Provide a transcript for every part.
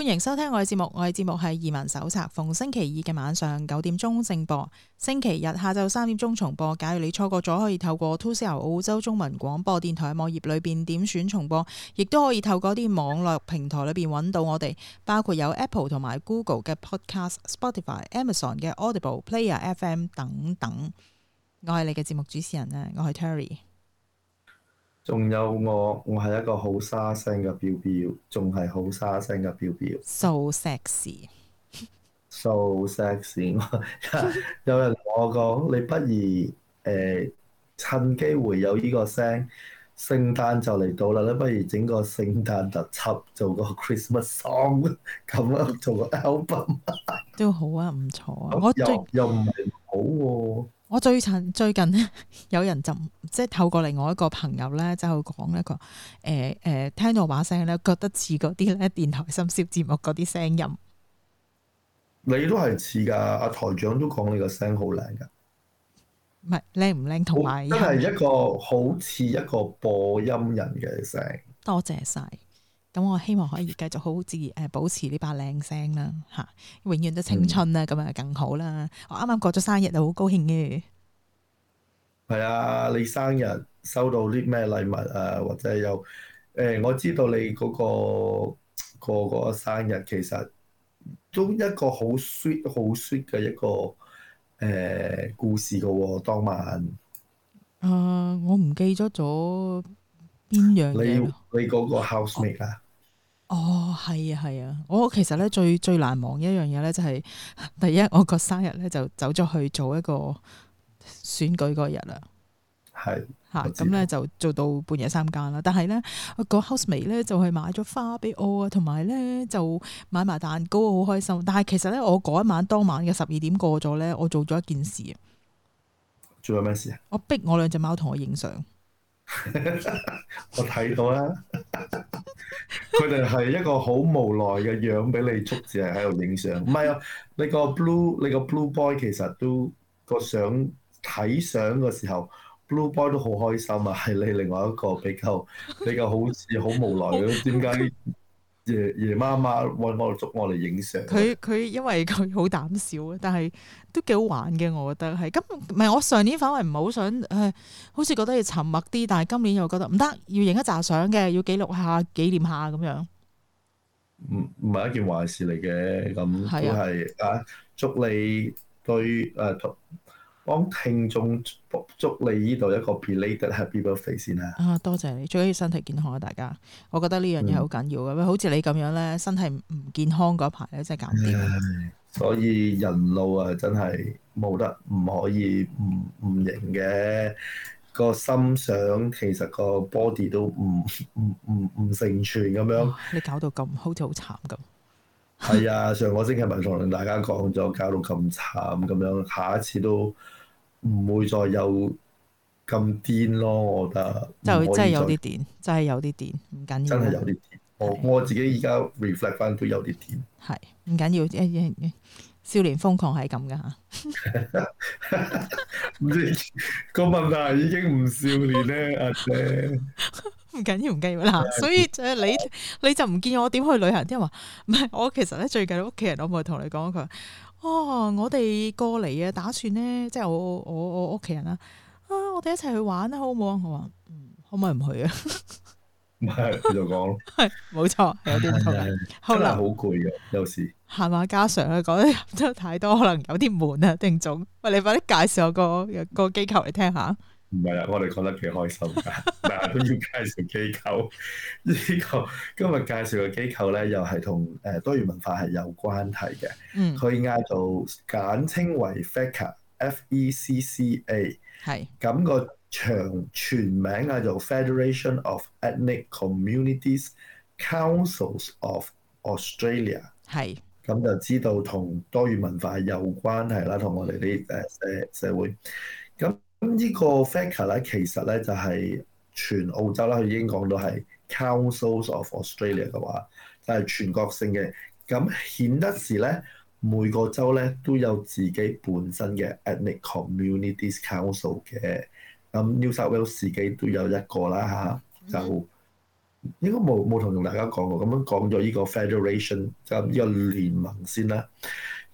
歡迎收聽我嘅節目。我嘅節目係移民手冊，逢星期二嘅晚上九點鐘正播，星期日下晝三點鐘重播。假如你錯過咗，可以透過 2CL 澳洲中文廣播電台嘅網頁裏邊點選重播，亦都可以透過啲網絡平台裏邊揾到我哋，包括有 Apple 同埋 Google 嘅 Podcast、Spotify、Amazon 嘅 Audible、Player FM 等等。我係你嘅節目主持人咧，我係 Tury。仲有我，我係一個好沙聲嘅表表，仲係好沙聲嘅表表。So sexy，so sexy！ so sexy. 有人同我講，你不如誒、欸、趁機會有呢個聲，聖誕就嚟到啦，你不如整個聖誕特輯，做個 Christmas song，咁啊，做個 album 都好啊，唔錯啊，又最又唔係唔好喎、啊。我最近最近有人就即係透過另外一個朋友咧，就講一個誒誒、呃呃、聽到把聲咧，覺得似嗰啲咧電台深宵節目嗰啲聲音。你都係似㗎，阿、啊、台長都講你個聲好靚㗎。唔係靚唔靚同埋，真係、哦、一個好似一個播音人嘅聲。多謝晒。咁、嗯、我希望可以繼續好好自誒保持呢把靚聲啦嚇、啊，永遠都青春啦，咁啊更好啦！我啱啱過咗生日就好高興嘅。係、嗯、啊，你生日收到啲咩禮物啊？或者有？誒、欸，我知道你嗰、嗰個過、嗰個嗰個生日其實都一個好 sweet、好 sweet 嘅一個誒、欸、故事㗎喎、啊、當晚。啊、呃！我唔記咗咗邊樣嘢咯。你你嗰個 housemate 啊？哦，係啊，係啊！我其實咧最最難忘一樣嘢咧，就係第一我個生日咧就走咗去做一個選舉嗰日啦。係。嚇！咁咧、嗯、就做到半夜三更啦。但係咧，個 housemate 咧就係買咗花俾我啊，同埋咧就買埋蛋糕，好開心。但係其實咧，我嗰一晚當晚嘅十二點過咗咧，我做咗一件事，做咗咩事啊？我逼我兩隻貓同我影相。 我睇到啦，佢哋係一個好無奈嘅樣俾你捉住，係喺度影相。唔係啊，你個 Blue，你個 Blue Boy 其實都個相睇相嘅時候，Blue Boy 都好開心啊，係你另外一個比較，比較好似好無奈嘅，點解？ 夜夜媽媽揾我嚟捉我嚟影相。佢佢，因為佢好膽小啊，但係都幾好玩嘅，我覺得係。咁唔係我上年反為唔係好想誒，好似覺得要沉默啲，但係今年又覺得唔得，要影一紮相嘅，要記錄下紀念下咁樣。嗯，唔係一件壞事嚟嘅，咁都係啊！祝你對誒、呃幫聽眾祝你呢度一個 belated happy birthday 先啦，啊！啊，多謝你，最緊要身體健康啊，大家，我覺得呢、嗯、樣嘢好緊要嘅。好似你咁樣咧，身體唔健康嗰排咧，真係搞掂。所以人路啊，真係冇得唔可以唔唔贏嘅。個心想其實個 body 都唔唔唔唔成全咁樣，哦，你搞到咁好似好慘咁。係 啊，上個星期咪同大家講咗，搞到咁慘咁樣，下一次都～唔會再有咁癲咯，我覺得。就真係有啲癲，真係有啲癲，唔緊要。真係有啲癲，我是我自己而家 reflect 翻都有啲癲。係，唔緊要，少年瘋狂係咁噶嚇。個問題已經唔少年咧，阿姐。唔 緊要，唔緊要啦。所以就係你，你就唔見我點去旅行啲人話，唔係我其實咧最近屋企人我，我冇同你講佢。哦，我哋過嚟啊，打算咧，即係我我我屋企人啦，啊，啊，我哋一齊去玩啦，啊，好唔好啊？好話，嗯，可唔可以唔去啊？唔 係， 你就講。係， 冇錯，有啲真係好攰嘅，有時係嘛，加上啊，講得真係太多，可能有啲悶啊，丁總。喂，你快啲介紹個個機構嚟聽下。唔係啊！我哋講得幾開心㗎，嗱都要介紹機構。 構呢個今日介紹嘅機構咧，又係同誒多元文化係有關係嘅。嗯。佢嗌做簡稱為 FECCA，F-E-C-C-A e。係。咁是個長全名嗌做 Federation of Ethnic Communities Councils of Australia 是。係。咁就知道同多元文化有關係啦，同我哋啲誒社社會。咁、嗯。咁呢個 factor 咧，其實咧就係全澳洲啦。佢已經講到係 Councils of Australia 嘅話，就係全國性嘅。咁顯得是咧，每個州咧都有自己本身嘅 ethnic communities council 嘅。咁 New South Wales 自己都有一個啦嚇，嗯嗯、就應該冇冇同大家講過。咁樣講咗呢個 federation，就呢個聯盟先啦。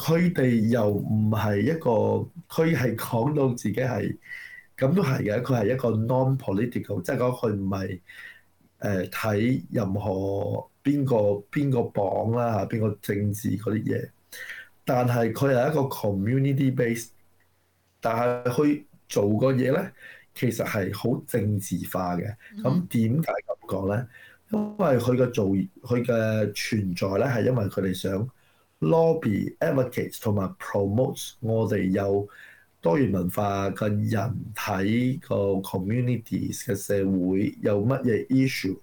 佢哋又唔係一個，佢係講到自己係，咁都係嘅。佢係一個 non-political，即係講佢唔係誒睇、呃、任何邊個邊個榜啦、啊，邊個政治嗰啲嘢。但係佢係一個 community base，但係去做個嘢咧，其實係好政治化嘅。咁點解咁講咧？因為佢嘅做，佢嘅存在咧係因為佢哋想。lobby、Lob advocates 同埋 promotes 我哋有多元文化嘅人喺個 communities 嘅社會有乜嘢 issue，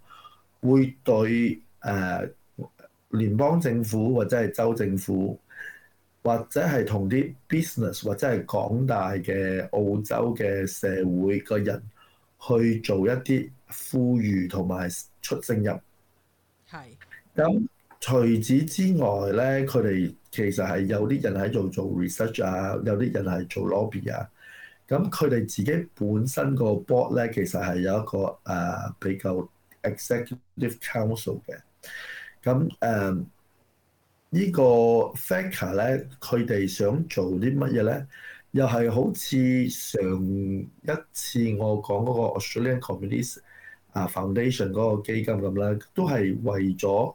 會對誒聯、uh, 邦政府或者係州政府，或者係同啲 business 或者係廣大嘅澳洲嘅社會嘅人去做一啲呼籲同埋出聲音。係是。咁。So, 除此之外咧，佢哋其實係有啲人喺度做 research 啊，有啲人係做 lobby 啊。咁佢哋自己本身個 board 咧，其實係有一個誒、uh, 比較 executive council 嘅。咁誒呢個 factor 咧，佢哋想做啲乜嘢咧？又係好似上一次我講嗰個 Australian Communities 啊 Foundation 嗰個基金咁啦，都係為咗，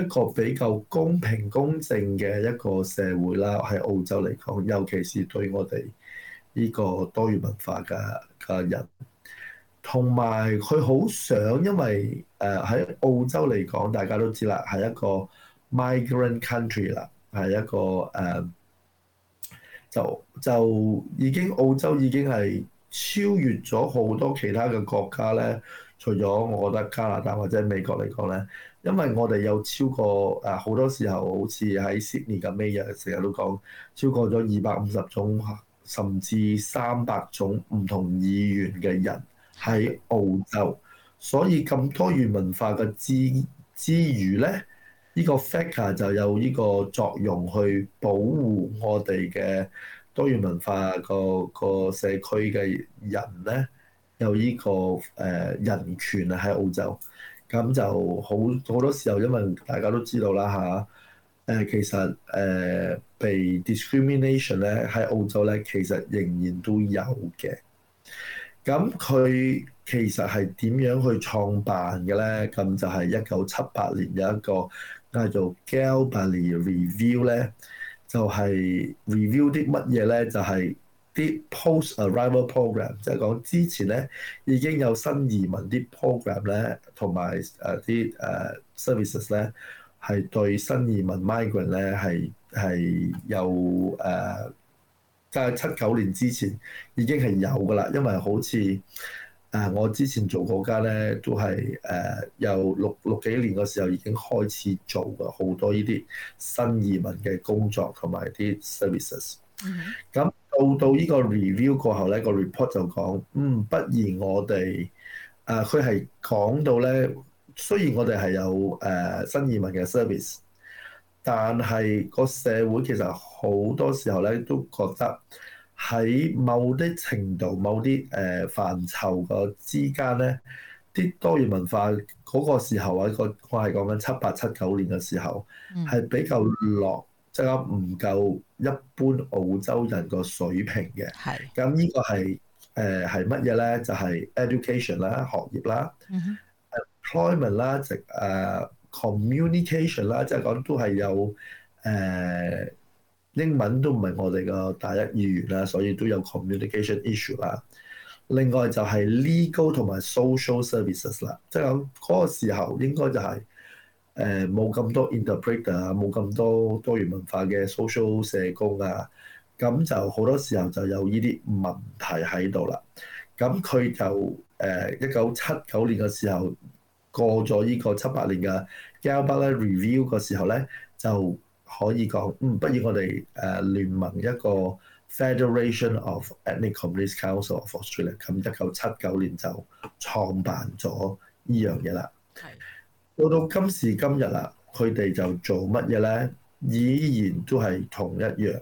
一個比較公平公正嘅一個社會啦，喺澳洲嚟講，尤其是對我哋呢個多元文化嘅嘅人，同埋佢好想，因為誒喺澳洲嚟講，大家都知啦，係一個 migrant country 啦，係一個誒就就已經澳洲已經係超越咗好多其他嘅國家咧，除咗我覺得加拿大或者美國嚟講咧。因為我哋有超過誒好多時候，好似喺 Sydney 咁尾日成日都講，超過咗二百五十種甚至三百種唔同意願嘅人喺澳洲，所以咁多元文化嘅之之餘呢，呢、呢個 factor 就有呢個作用去保護我哋嘅多元文化個、嗰個社區嘅人呢，有呢個誒人權啊喺澳洲。咁就好好多時候，因為大家都知道啦嚇。誒，其實誒被 discrimination 咧喺澳洲咧，其實仍然都有嘅。咁佢其實係點樣去創辦嘅咧？咁就係一九七八年有一個嗌做 Galbally Review 咧 re，就係 review 啲乜嘢咧？就係。啲 post-arrival program，即係講之前咧已經有新移民啲 program 咧，同埋誒啲誒 services 咧，係對新移民 migrant 咧係係有誒即係七九年之前已經係有噶啦，因為好似誒、呃、我之前做嗰間咧都係誒由六六幾年嘅時候已經開始做嘅好多呢啲新移民嘅工作同埋啲 services，咁。Mm-hmm. 到到呢個 review 過後咧，個 report 就講，嗯，不如我哋，誒佢係講到咧，雖然我哋係有誒、呃、新移民嘅 service，但係個社會其實好多時候咧，都覺得喺某啲程度、某啲誒範疇個之間咧，啲多元文化個時候啊，個我係講緊七八七九年嘅時候，係比較落。即係唔夠一般澳洲人個水平嘅，係的。咁依個係誒係乜嘢咧？就係、是、education 啦、學業啦、mm hmm. employment 啦，直、uh, 誒 communication 啦，即係講都係有誒英文都唔係我哋個第一語言啦，所以都有 communication issue 啦。另外就係 legal 同埋 social services 啦，即係講嗰個時候應該就係、是。誒冇咁多 interpreter 啊，冇咁多多元文化嘅 social 社，社工啊，咁就好多時候就有呢啲問題喺度啦。咁佢就誒一九七九年嘅時候過咗呢個七八年嘅 Gilbert Review 嘅時候咧，就可以講，嗯，不如我哋誒聯盟一個 Federation of Ethnic Communities Council of Australia，咁一九七九年就創辦咗呢樣嘢啦。係。到到今時今日啦，佢哋就做乜嘢咧？依然都係同一樣。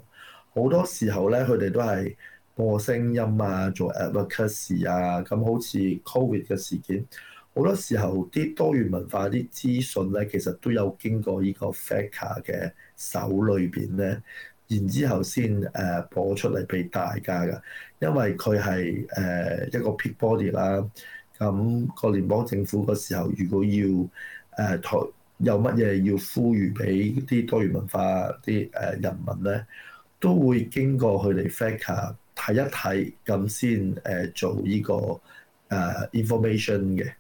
好多時候咧，佢哋都係播聲音啊，做 advocacy 啊，咁好似 Covid 嘅事件。好多時候啲多元文化啲資訊咧，其實都有經過個呢個 FECCA 嘅手裏邊咧，然後之後先誒播出嚟俾大家噶。因為佢係誒一個 peak body 啦。咁個聯邦政府個時候，如果要誒台有乜嘢要呼籲俾啲多元文化啲誒人民咧，都會經過佢哋，fact 睇一睇，咁先誒做呢個誒 information 嘅。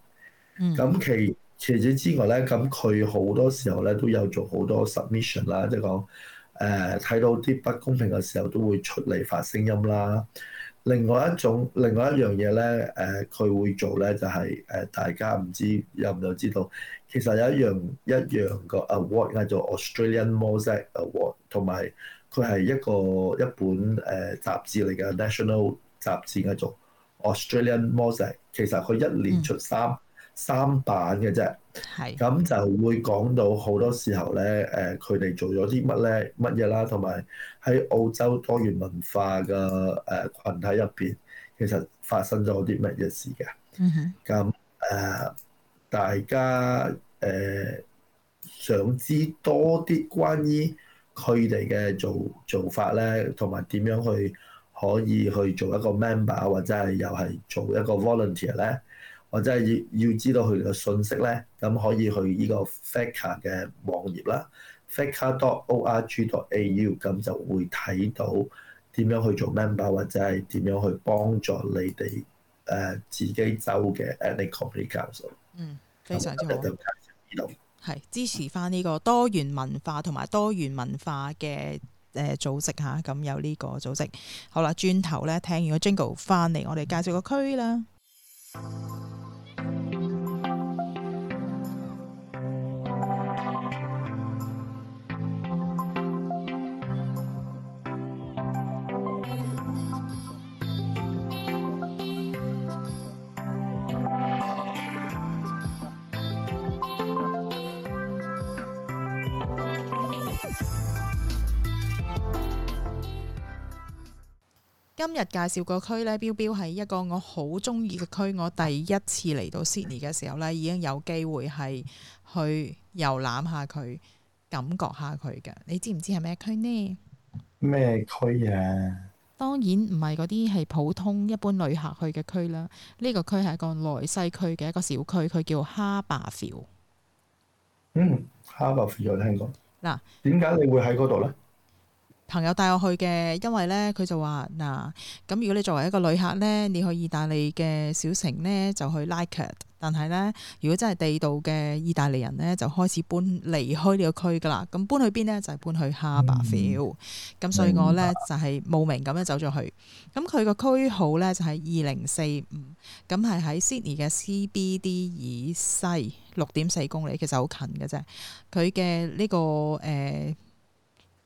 咁、嗯、其除此之外咧，咁佢好多時候咧都有做好多 submission 啦，即係講誒睇到啲不公平嘅時候都會出嚟發聲音啦。另外一種另外一樣嘢咧，誒佢會做咧就係、是、誒大家唔知有唔有知道？其實有一樣一樣個 award 嗌做 Australian Mosaic Award，同埋佢係一個一本誒雜誌嚟嘅 National 雜誌嗌做 Australian Mosaic。其實佢一年出三三版嘅啫，咁就會講到好多時候咧誒，佢哋做咗啲乜咧乜嘢啦，同埋喺澳洲多元文化嘅誒羣體入邊，其實發生咗啲乜嘢事嘅。咁誒大家。誒、呃、想知多啲關於佢哋嘅做做法咧，同埋點樣去可以去做一個 member 或者係又係做一個 volunteer 咧，或者係要要知道佢哋嘅信息咧，咁可以去呢個 FECCA 嘅網頁啦，FECCA.org.au，咁就會睇到點樣去做 member 或者係點樣去幫助你哋誒自己州嘅 Ethnic Communities Council。嗯，非常之好。 係支持翻呢個多元文化同埋多元文化嘅，誒、呃、組織吓，咁、啊、有呢個組織。好啦，轉頭咧聽完個 Jingle 翻嚟，我哋介紹個區啦。今日介紹個區呢，Bill Bill 係一個我好中意嘅區。我第一次嚟到 Sydney 嘅時候呢，已經有機會係去遊覽下佢，感覺下佢嘅。你知唔知係咩區呢？咩區呀？當然唔係嗰啲係普通一般旅客去嘅區啦。呢、這個區係一個內西區嘅一個小區，佢叫 Haberfield。嗯，Haberfield 有聽過。嗱、啊，點解你會喺嗰度呢？朋友帶我去嘅，因為咧佢就話嗱，咁如果你作為一個旅客咧，你去意大利嘅小城咧就去 Leichhardt 但係咧，如果真係地道嘅意大利人咧，就開始搬離開呢個區噶啦，咁搬去邊咧就係、是、搬去 Haberfield 咁所以我咧白就係慕名咁樣走咗去。咁佢個區號咧就係二零四五，咁係喺 Sydney 嘅 CBD 以西六點四公里，其實好近嘅啫，佢嘅呢個誒。呃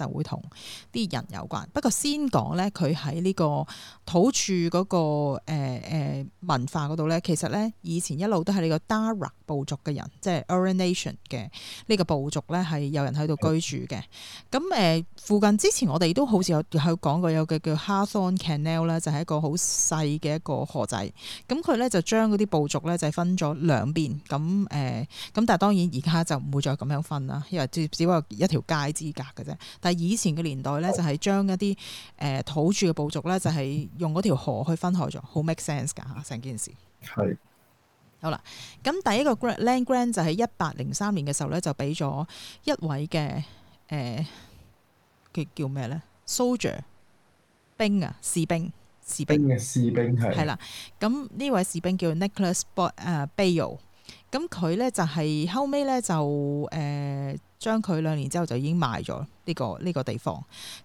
就會同啲人有關。不過先講咧，佢喺呢個土著嗰、那個誒、呃呃、文化嗰度咧，其實咧以前一路都係呢個 Dara 部族嘅人，即係 Oriental 嘅呢個部族咧係有人喺度居住嘅。咁誒、嗯呃、附近之前我哋都好似有有講過，有個叫 Hawthorn Canal 咧，就係一個好細嘅一個河仔。咁佢咧就將嗰啲部族咧就係分咗兩邊。咁誒咁，但係當然而家就唔會再咁樣分啦，因為只不過一條街之隔嘅啫。以前嘅年代咧，就係將一啲誒土著嘅部族咧，就係用嗰條河去分開咗，好 make sense 噶吓，成件事係是好啦。咁第一個 land grant 就喺一八零三年嘅時候咧，就俾咗一位嘅誒嘅叫咩咧 soldier 兵啊，士兵士兵嘅，啊，士兵係係啦。咁呢位士兵叫 Nicholas Bayo，咁佢咧就係後尾咧就誒。呃將佢兩年之後就已經賣咗呢、這個呢、這個地方。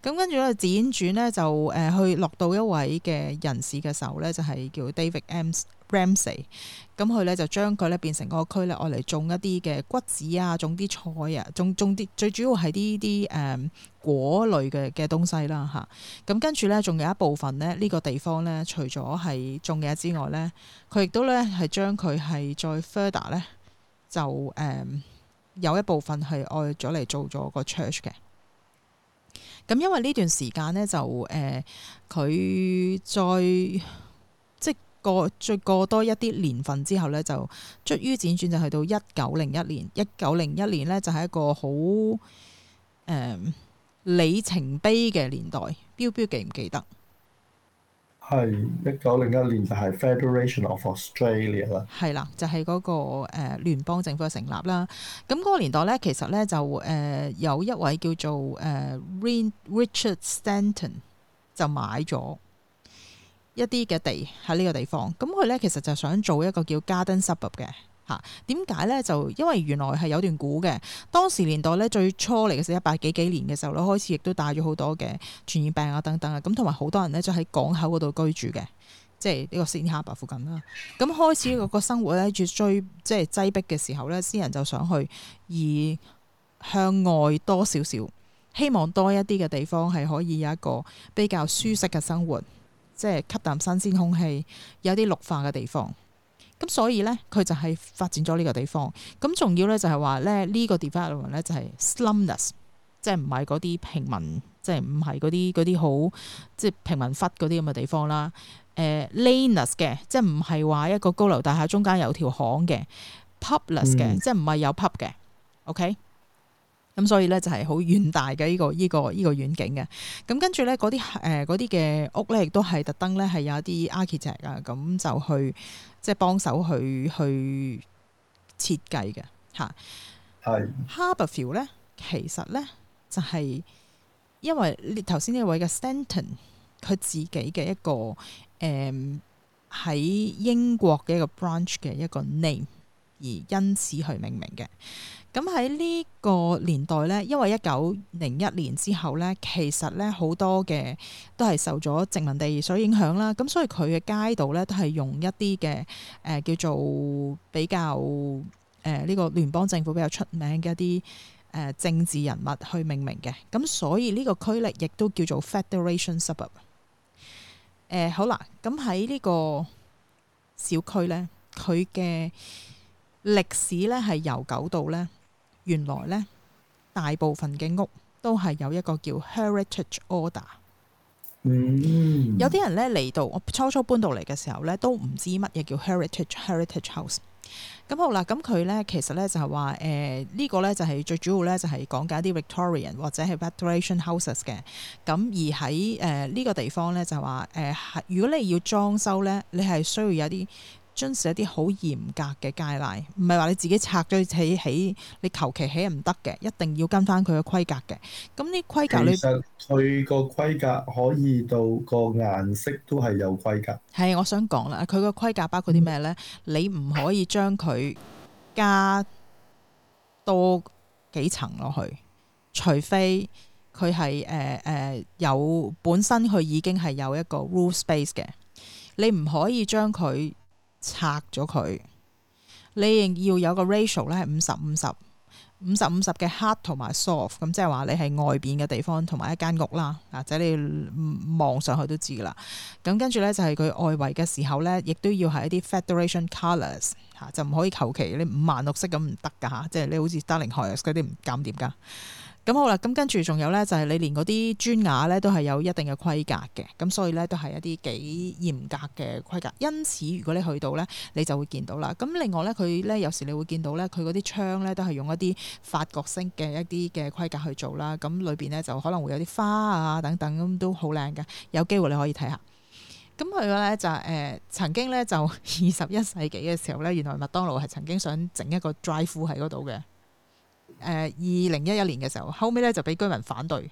咁、嗯、跟住咧，輾轉咧就誒去落到一位嘅人士嘅手咧，就係、是、叫 David Ramsay、嗯。咁佢咧就將佢咧變成個區咧，愛嚟種一啲嘅穀子啊，種啲菜啊，種種啲最主要係啲啲誒果類嘅嘅東西啦吓，咁、嗯、跟住咧，仲有一部分咧，呢、這個地方咧，除咗係種嘢之外咧，佢亦都咧係將佢係再 further 咧就誒。嗯有一部分係愛咗嚟做咗個 church 嘅。咁因為呢段時間呢，就誒佢、呃、再即過再過多一啲年份之後呢，就終於輾轉就去到一九零一年。一九零一年呢，就係、是、一個好誒里程碑嘅年代，Bill Bill 記唔記得？係一九零一年就係 Federation of Australia 啦，係啦，就係嗰個誒聯邦政府嘅成立啦。咁嗰個年代咧，其實咧就誒有一位叫做誒 Richard Stanton 就買咗一啲嘅地喺呢個地方。咁佢咧其實就想做一個叫 Garden Suburb 嘅。嚇點解咧？就因為原來係有段古嘅，當時年代咧最初嚟嘅時一百幾幾年嘅時候咧，開始亦都帶咗好多嘅傳染病啊等等啊，咁同埋好多人咧就喺港口嗰度居住嘅，即係呢個西尼哈伯附近啦。咁開始個個生活咧越追即係擠迫嘅時候咧，私人就想去而向外多少少，希望多一啲嘅地方係可以有一個比較舒適嘅生活，即係吸啖新鮮空氣，有啲綠化嘅地方。咁所以咧，佢就係發展咗呢個地方。咁仲要咧，就係話咧呢個 development 咧就係 slumness，即係唔係嗰啲平民，即係唔係嗰啲啲好即係平民窟嗰啲咁嘅地方啦。誒、呃，laneness 嘅，即係唔係話一個高樓大廈中間有條巷嘅 publes、嗯、s 嘅，即係唔係有 pub 嘅，OK？咁、嗯、所以咧就係好遠大嘅呢、這個依、呢個依、呢個遠景嘅。咁、嗯、跟住咧嗰啲誒啲嘅屋咧，亦都係特登咧係有一啲 architect 啊、嗯，咁就去即係幫手去去設計嘅嚇。係、嗯、是 Harberville 咧，其實咧就係、是、因為頭先呢位嘅 Stanton，佢自己嘅一個誒喺、嗯、英國嘅一個 branch 嘅一個 name 而因此去命名嘅。咁喺呢個年代呢，因為一九零一年之後呢，其實呢好多嘅都係受咗殖民地所影響啦。咁所以佢嘅街道呢，都係用一啲嘅誒叫做比較誒呢、呃呢個聯邦政府比較出名嘅一啲政治人物去命名嘅。咁所以呢個區域亦都叫做 Federation Suburb、呃。好啦，咁喺呢個小區呢，佢嘅歷史呢，係由九度呢。原來咧，大部分嘅屋都係有一個叫 heritage order。嗯。有啲人咧嚟到，我初初搬到嚟嘅時候咧，都唔知乜嘢叫 heritage heritage house。咁好啦，咁佢咧其實咧就係話，誒、呃這個、呢個咧就係、是、最主要咧就係講緊一啲 Victorian 或者係 Federation houses 嘅。咁而喺誒呢個地方咧就係話誒、呃，如果你要裝修咧，你係需要有啲。遵守一啲好嚴格嘅界奶，唔係話你自己拆咗起起，你求其起係唔得嘅，一定要跟翻佢嘅規格嘅。咁呢規格，其實佢個規格可以到個顏色都係有規格。係，我想講啦，佢個規格包括啲咩咧？嗯、你唔可以將佢加多幾層落去，除非佢係誒誒有本身佢已經係有一個 roof space 嘅，你唔可以將佢。拆咗佢，你要有個 ratio 咧，係五十五十，五十五十嘅 hard 同埋 soft，咁即係話你係外邊嘅地方同埋一間屋啦，或者你望上去都知噶啦。咁跟住呢，就係佢外圍嘅時候呢，亦都要係一啲 federation colors 吓，就唔可以求其你五顏六色咁唔得噶吓，即係你好似 darling house 嗰啲唔鑒點噶。咁好啦，咁跟住仲有呢，就係、是、你連嗰啲磚瓦呢都係有一定嘅規格嘅，咁所以呢都係一啲幾嚴格嘅規格。因此如果你去到呢，你就會見到啦。咁另外呢，佢呢有時你會見到呢，佢嗰啲窗呢都係用一啲法國式嘅一啲嘅規格去做啦。咁裏邊呢就可能會有啲花啊等等，咁都好靚嘅。有機會你可以睇下。咁佢呢，就誒、呃、曾經呢，就二十一世紀嘅時候呢，原來麥當勞係曾經想整一個 drive 喺嗰度嘅。誒二零一一年嘅時候，後尾咧就俾居民反對，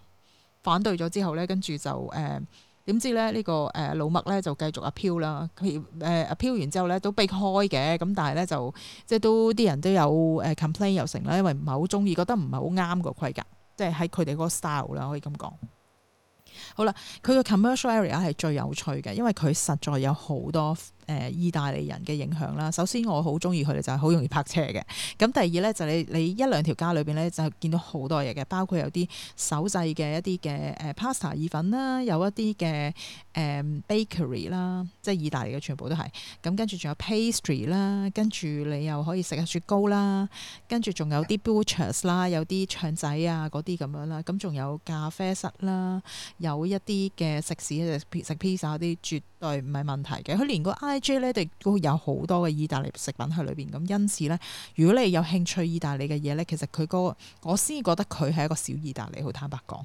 反對咗之後咧，跟住就誒點知咧呢個誒老、呃、麥咧就繼續阿飄啦，譬如誒阿飄完之後咧都俾開嘅，咁但係咧就即係都啲人都有誒 complain 又成啦，因為唔係好中意，覺得唔係好啱個規格，即係喺佢哋嗰個 style 啦，可以咁講。好啦，佢個 commercial area 係最有趣嘅，因為佢實在有好多。誒、呃、意大利人嘅影響啦，首先我好中意佢哋就係、是、好容易泊車嘅，咁第二咧就是、你你一兩條街裏邊咧就見到好多嘢嘅，包括有啲手製嘅一啲嘅誒、呃、pasta 意粉啦，有一啲嘅誒、嗯、bakery 啦，即係意大利嘅全部都係，咁、嗯、跟住仲有 pastry 啦，跟住你又可以食下雪糕啦，跟住仲有啲 butchers 啦，有啲腸仔啊嗰啲咁樣啦，咁、嗯、仲有咖啡室啦，有一啲嘅食肆，食 pizza 嗰啲絕對唔係問題嘅，佢連、個 G 呢，佢都有好多嘅意大利食品喺裏邊，咁因此呢，如果你有興趣意大利嘅嘢呢，其實佢、個我先覺得佢係一個小意大利，好坦白講，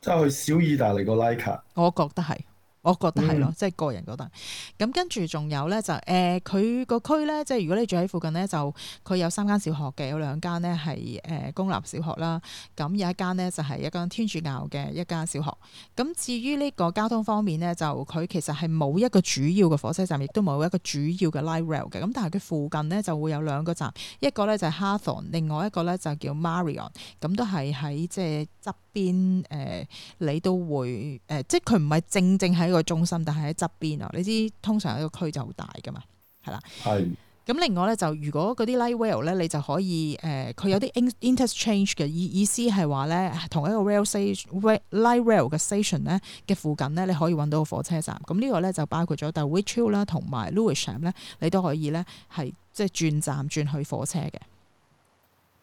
即係小意大利個拉卡，我覺得係。我覺得係咯，嗯、即係個人覺得。咁跟住仲有咧就誒，佢、呃、個區咧，即係如果你住喺附近咧，就佢有三間小學嘅，有兩間咧係誒公立小學啦。咁有一間咧就係、是、一間天主教嘅一家小學。咁至於呢個交通方面咧，就佢其實係冇一個主要嘅火車站，亦都冇一個主要嘅 l i g h rail 嘅。咁但係佢附近咧就會有兩個站，一個咧就係、是、h a t h o r n 另外一個咧就叫 m a r i o n 咁都係喺即係側邊誒、呃，你都會誒、呃，即係佢唔係正正喺。個中心，但係喺側邊啊。你知通常一個區就好大噶嘛，係啦。係咁是，另外咧就如果嗰啲 light rail 咧，你就可以誒，佢、呃、有啲 interchange 嘅意意思係話咧同一個 rail station、light rail 嘅 station 咧嘅附近咧，你可以揾到個火車站。咁、這個、呢個咧就包括咗 Dulwich Hill 啦，同埋 Lewisham 咧，你都可以咧係即係轉站轉去火車嘅。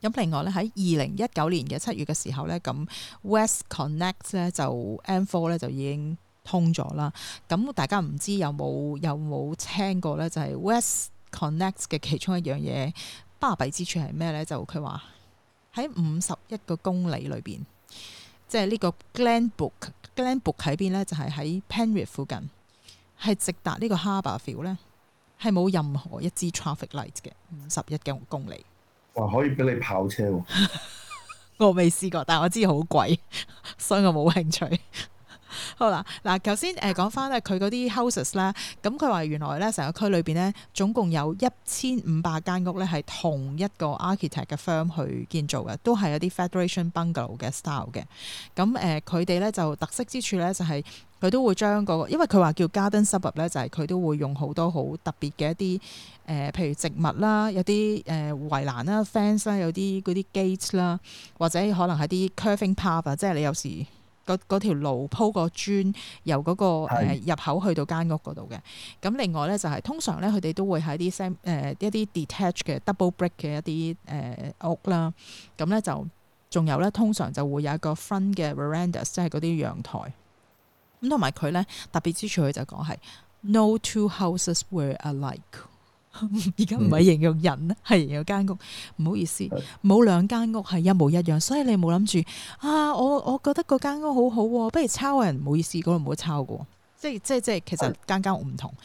咁另外咧喺二零一九年嘅七月嘅時候咧，咁 West Connect 咧就 M Four 咧就已經。通咗啦，咁大家唔知有冇有冇聽過呢？就係、是、West Connect 嘅其中一樣嘢，巴閉之處係咩呢？就佢話喺五十一個公里裏邊，即係呢個 Glenbrook，Glenbrook 喺邊呢？就係喺 Penrith 附近，係直達呢個 Haberfield 呢，係冇任何一支 traffic light 嘅五十一個公里。哇！可以俾你跑車喎、哦， 我未試過，但我知好貴，所以我冇興趣。 好啦，嗱，頭先誒講翻咧，佢嗰啲 houses 啦。咁佢話原來咧成個區裏邊咧總共有一千五百間屋咧，係同一個 architect 嘅 firm 去建造嘅，都係有啲 federation bungalow 嘅 style 嘅。咁誒，佢哋咧就特色之處咧，就係佢都會將嗰、那個，因為佢話叫 garden suburb 咧，就係佢都會用好多好特別嘅一啲誒、呃，譬如植物啦，有啲誒圍欄啦、fence 啦，有啲嗰啲 gates 啦，或者可能係啲 curving path 啊，即係你有時。嗰條路鋪個磚，由嗰、那個、呃、入口去到間屋嗰度嘅。咁另外咧就係、是、通常咧佢哋都會喺啲 some 一啲、呃、detached 嘅 double brick 嘅一啲誒、呃、屋啦。咁咧就仲有咧，通常就會有一個 front 嘅 verandas，即係嗰啲陽台。咁同埋佢咧特別之處，佢就講係 no two houses were alike。而家唔係形容人咧，係形容間屋。唔好意思，冇的兩間屋係一模一樣，所以你冇諗住啊。我我覺得嗰間屋好好、啊，不如抄人。唔好意思，嗰度冇得抄嘅，即即即，即其實間間唔同。的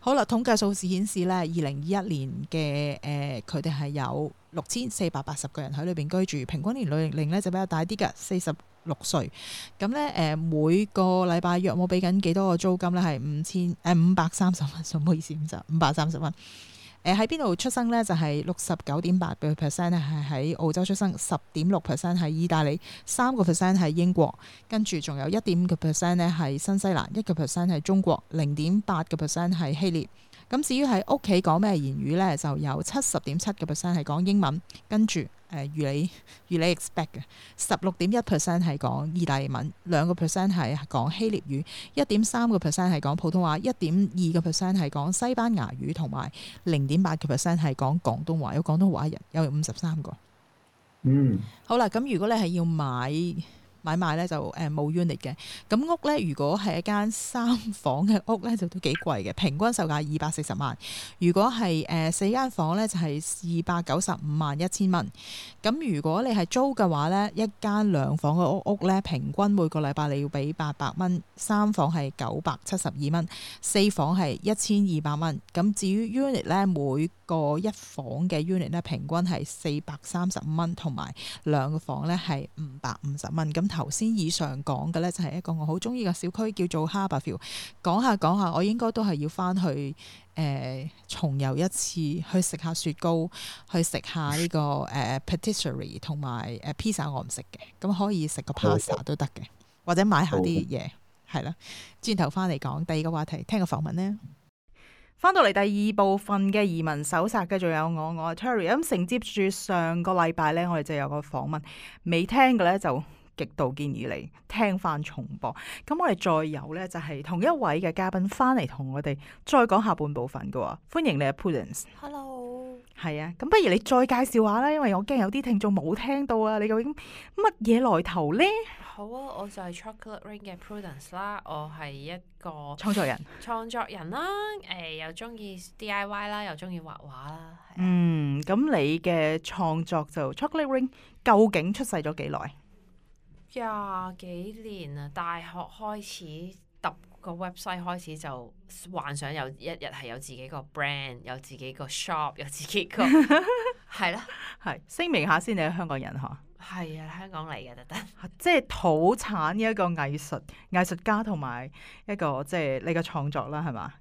好啦，統計數字顯示咧，二零二一年嘅誒，佢哋係有六千四百八十個人喺裏邊居住，平均年齡咧就比較大啲嘅，四十六歲。咁咧誒，每個禮拜約我俾緊幾多個租金咧，係五千誒五百三十蚊。唔、呃、好意思，五十五百三十蚊。誒喺邊度出生呢？就係六十九點八個 percent 咧，係喺澳洲出生；十點六 percent 係意大利，三個 percent 係英國，跟住仲有一點五個 percent 咧係新西蘭，一個 percent 係中國，零點八個 percent 係希臘。咁至於喺屋企講咩言語呢？就有七十點七個 percent 係講英文，跟住誒如你如你 expect 嘅十六點一 percent 係講意大利文，兩個 percent 係講希臘語，一點三個 percent 係講普通話，一點二個 percent 係講西班牙語，同埋零點八個 percent 係講廣東話。有廣東話人，有五十三個。嗯，好啦，咁如果你係要買。買賣咧就誒冇 unit 嘅，咁屋咧如果係一間三房嘅屋咧就都幾貴嘅，平均售價二百四十萬。如果係誒、呃、四間房咧就係二百九十五萬一千蚊。咁如果你係租嘅話咧，一間兩房嘅屋屋咧平均每個禮拜你要俾八百蚊，三房係九百七十二蚊，四房係一千二百蚊。咁至於 unit 咧，每個一房嘅 unit 咧平均係四百三十蚊，同埋兩個房咧係五百五十蚊。咁頭先以上講嘅呢，就係一個我好中意嘅小區，叫做 Harberville。講下講下，我應該都係要翻去誒、呃、重遊一次，去食下雪糕，去食下呢、這個誒、呃、patisserie 同埋誒、呃、pizza 我。我唔食嘅，咁可以食個披薩都得嘅，或者買下啲嘢係啦。轉頭翻嚟講第二個話題，聽個訪問呢，翻到嚟第二部分嘅移民手冊嘅，繼續有我我係 Tury 咁承、嗯、接住上個禮拜呢，我哋就有個訪問未聽嘅呢，就。極度建議你聽翻重播。咁我哋再有呢，就係、是、同一位嘅嘉賓翻嚟同我哋再講下半部分㗎喎。歡迎你啊，Prudence。Hello。係啊，咁不如你再介紹下啦，因為我驚有啲聽眾冇聽到啊。你究竟乜嘢來頭呢？好啊，我就係 Chocolate Rain 嘅 Prudence 啦。我係一個創作人， 創作人啦、啊。誒、呃，又中意 DIY 啦，又中意畫畫啦。啊、嗯，咁你嘅創作就 Chocolate Rain 究竟出世咗幾耐？廿幾年啊，大學開始揼個 website 開始就幻想有一日係有自己個 brand，有自己個 shop，有自己個係 啦，係聲明下先，你係香港人嗬？係啊啦，香港嚟嘅得得。即係土產呢一個藝術藝術家同埋一個即係你嘅創作啦，係嘛？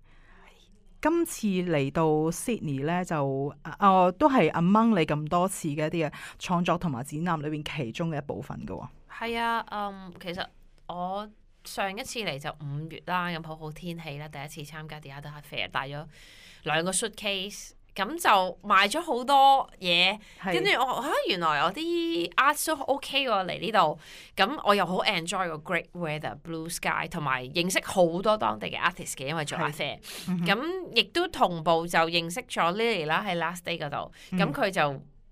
今次嚟到 Sydney 咧，就哦、呃、都係阿 Mon 你咁多次嘅一啲嘅創作同埋展覽裏邊其中嘅一部分嘅。係啊，嗯，其實我上一次嚟就五月啦，咁、嗯、好好天氣啦，第一次參加 The Other Art Fair，帶咗兩個 suitcase，咁就買咗好多嘢，跟住是我、啊、原來我啲 artist OK 喎嚟呢度，咁我又好 enjoy 個 great weather、blue sky，同埋認識好多當地嘅 artist 嘅，因為做 fair< 是>，咁亦都同步就認識咗 Lily 啦喺 last day 嗰度，咁佢就，嗯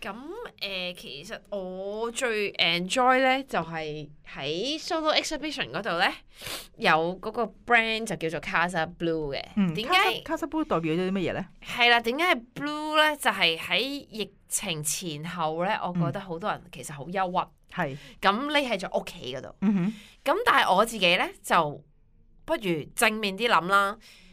咁誒、呃，其實我最 enjoy 咧，就係喺 Solo Exhibition 嗰度咧，有嗰個 brand 就叫做 Casa Blu 嘅。嗯，點解 Casa Blu 代表咗啲乜嘢咧？係啦，點解係 blue 咧？就係喺疫情前後咧，我覺得好多人其實好憂鬱。係、嗯。咁匿喺咗屋企嗰度。嗯哼。咁但係我自己咧，就不如正面啲諗啦。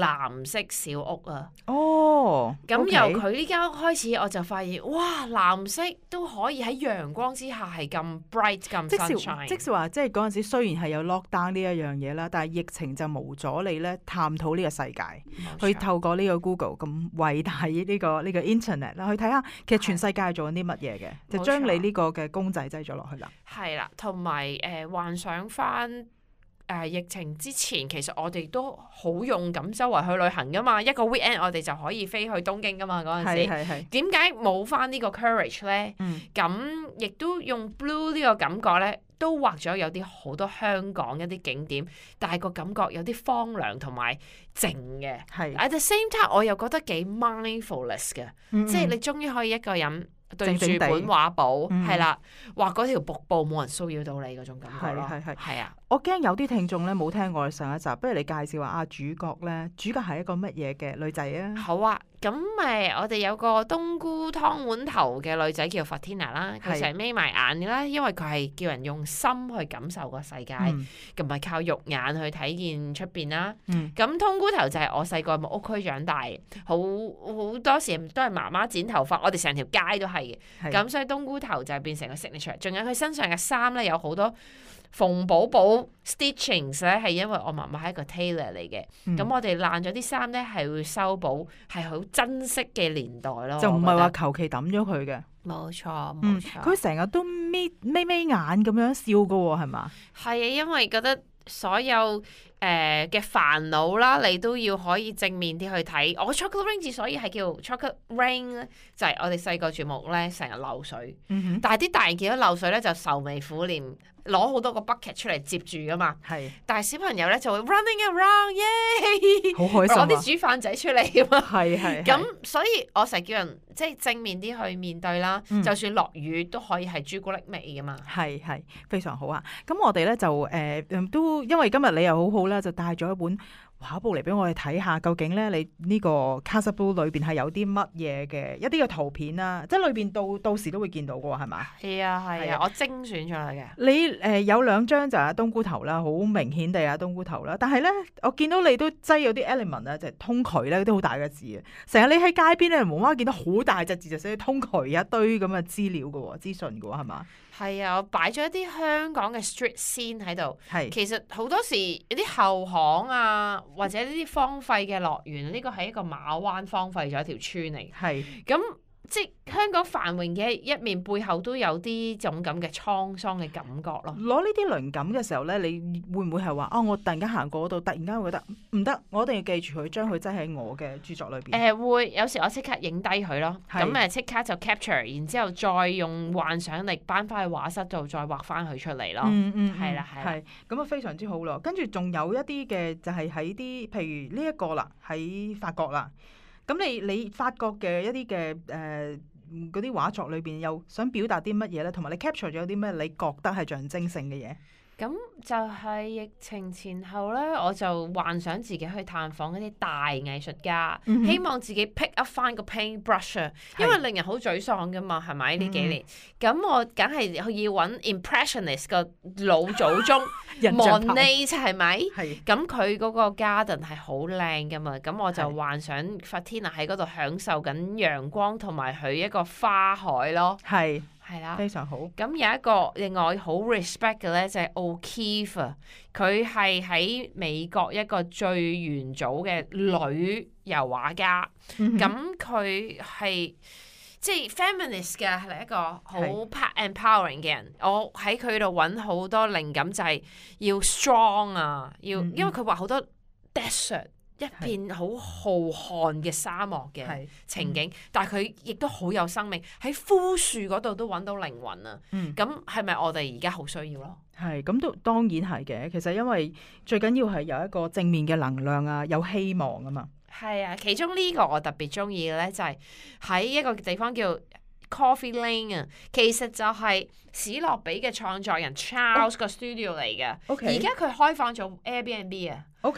藍色小屋啊！哦，咁由佢呢間屋開始，我就發現 Okay. 哇，藍色都可以喺陽光之下係咁 bright 咁 sunshine。即，即是話，即係嗰陣時雖然係有 lockdown 呢一樣嘢啦，但係疫情就無阻你咧探討呢個世界，錯去透過呢個 Google 咁偉大呢個呢個 internet 啦，去睇下其實全世界做緊啲乜嘢嘅，就將你呢個嘅公仔擠咗落去啦。係啦錯，同埋誒幻想翻。誒、啊、疫情之前，其實我哋都好勇敢，周圍去旅行噶嘛。一個 weekend，我哋就可以飛去東京噶嘛。嗰陣時，點解冇翻呢個 courage 咧？咁亦、嗯、都用 blue 呢個感覺咧，都畫咗有啲好多香港一啲景點，但係個感覺有啲荒涼同埋靜嘅。係是，At the same time 我又覺得幾 mindfulness 嘅，嗯、即係你終於可以一個人對住本畫簿，係、嗯、啦，畫嗰條瀑布冇人騷擾到你嗰種感覺咯。係啊。我驚有啲聽眾咧冇聽過上一集，不如你介紹下啊主角咧，主角係一個乜嘢嘅女仔啊？好啊，咁咪我哋有個冬菇湯碗頭嘅女仔叫 Fatina 啦是，佢成日眯埋眼啦，因為佢係叫人用心去感受個世界，咁唔係靠肉眼去睇見出邊啦。咁、嗯、冬菇頭就係我細個喺木屋區長大，好好多時都係媽媽剪頭髮，我哋成條街都係嘅。咁是所以冬菇頭就係變成個 signature，仲有佢身上嘅衫咧，有好多。縫補補 stitchings 咧係因為我媽媽係一個 tailor 嚟嘅，咁、嗯、我哋爛咗啲衫咧係會修補，係好珍惜嘅年代咯，就唔係話求其抌咗佢嘅。冇錯，冇錯，佢成日都眯眯眯眼咁樣笑㗎喎，係嘛？係啊，因為覺得所有。誒嘅、呃、煩惱啦，你都要可以正面啲去睇。我 Chocolate Rain 之所以係叫 Chocolate Rain 咧，就係我哋細個住屋咧成日漏水，但係啲大人見到漏水咧就愁眉苦臉，攞好多個 bucket 出嚟接住噶嘛。係、啊，但係小朋友咧就會 running around，耶！好開心，攞啲煮飯仔出嚟啊嘛。係係。咁所以，我成日叫人即係正面啲去面對啦。就算落雨都可以係朱古力味噶嘛。係係，非常好啊。咁、嗯嗯、我哋咧就誒、呃、都因為今日你又好好。就帶咗一本畫簿嚟俾我哋睇下，究竟咧你呢個 Casa Blu 裏邊係有啲乜嘢嘅一啲嘅圖片啦、啊，即係裏邊到到時都會見到嘅喎，係嘛？係啊，係啊，我精選出嚟嘅。你誒、呃、有兩張就係冬菇頭啦，好明顯地啊，冬菇頭啦。但係咧，我見到你都擠有啲 element 啊，就係通渠咧，嗰啲好大嘅字啊，成日你喺街邊咧無啦啦見到好大隻字就寫通渠一堆咁嘅資料嘅喎，資訊嘅喎係嘛？係啊，我擺咗一啲香港嘅 street scene 喺度。係是，其實好多時有啲後巷啊，或者呢啲荒廢嘅樂園，呢個係一個馬灣荒廢咗一條村嚟。係是，咁。即香港繁榮嘅一面，背後都有啲種咁嘅滄桑嘅感覺咯。攞呢啲靈感嘅時候咧，你會唔會係話啊？我突然間行過嗰度，突然間會覺得唔得，我一定要記住佢，將佢擠喺我嘅著作裏邊。誒、呃、會，有時我即刻影低佢咯，咁誒即刻就 capture，然之後再用幻想力搬翻去畫室度，再畫翻佢出嚟咯。嗯，嗯嗯，係啦係。係，咁啊非常之好咯。跟住仲有一啲嘅，就係喺啲譬如呢一個啦，喺法國啦。咁你你發覺嘅一啲嘅，誒嗰啲畫作裏邊又想表達啲乜嘢咧？同埋你 capture 咗啲咩？你覺得係象徵性嘅嘢？咁就係疫情前後咧，我就幻想自己去探訪嗰啲大藝術家，嗯、哼希望自己 pick up 翻個 paintbrush，是因為令人好沮喪嘅嘛，係咪呢幾年？咁、嗯、哼我梗係要揾 Impressionist 個老祖宗 Monet 係咪？係。咁佢嗰個 garden 係好靚嘅嘛，咁我就幻想 Fatina 喺嗰度享受緊陽光同埋佢一個花海咯，係。係啦，非常好。咁有一個另外好 respect 嘅咧，就係奧基夫，佢係喺美國一個最元祖嘅女油畫家。咁佢係即係 feminist 嘅，係一個好 power and empowering 嘅人。是我喺佢度揾好多靈感，就係、是、要 strong 啊，要、嗯、因為佢畫好多 desert。一片好浩瀚嘅沙漠嘅情景，嗯、但係佢亦都好有生命，喺枯樹嗰度都揾到靈魂啊！咁係咪我哋而家好需要咯？係咁都當然係嘅，其實因為最緊要係有一個正面嘅能量啊，有希望啊嘛。係啊，其中呢個我特別中意嘅咧，就係喺一個地方叫 Coffee Lane 啊，其實就係、是。史諾比嘅創作人 Charles 個 studio 嚟嘅，而家佢開放咗 Airbnb 啊！我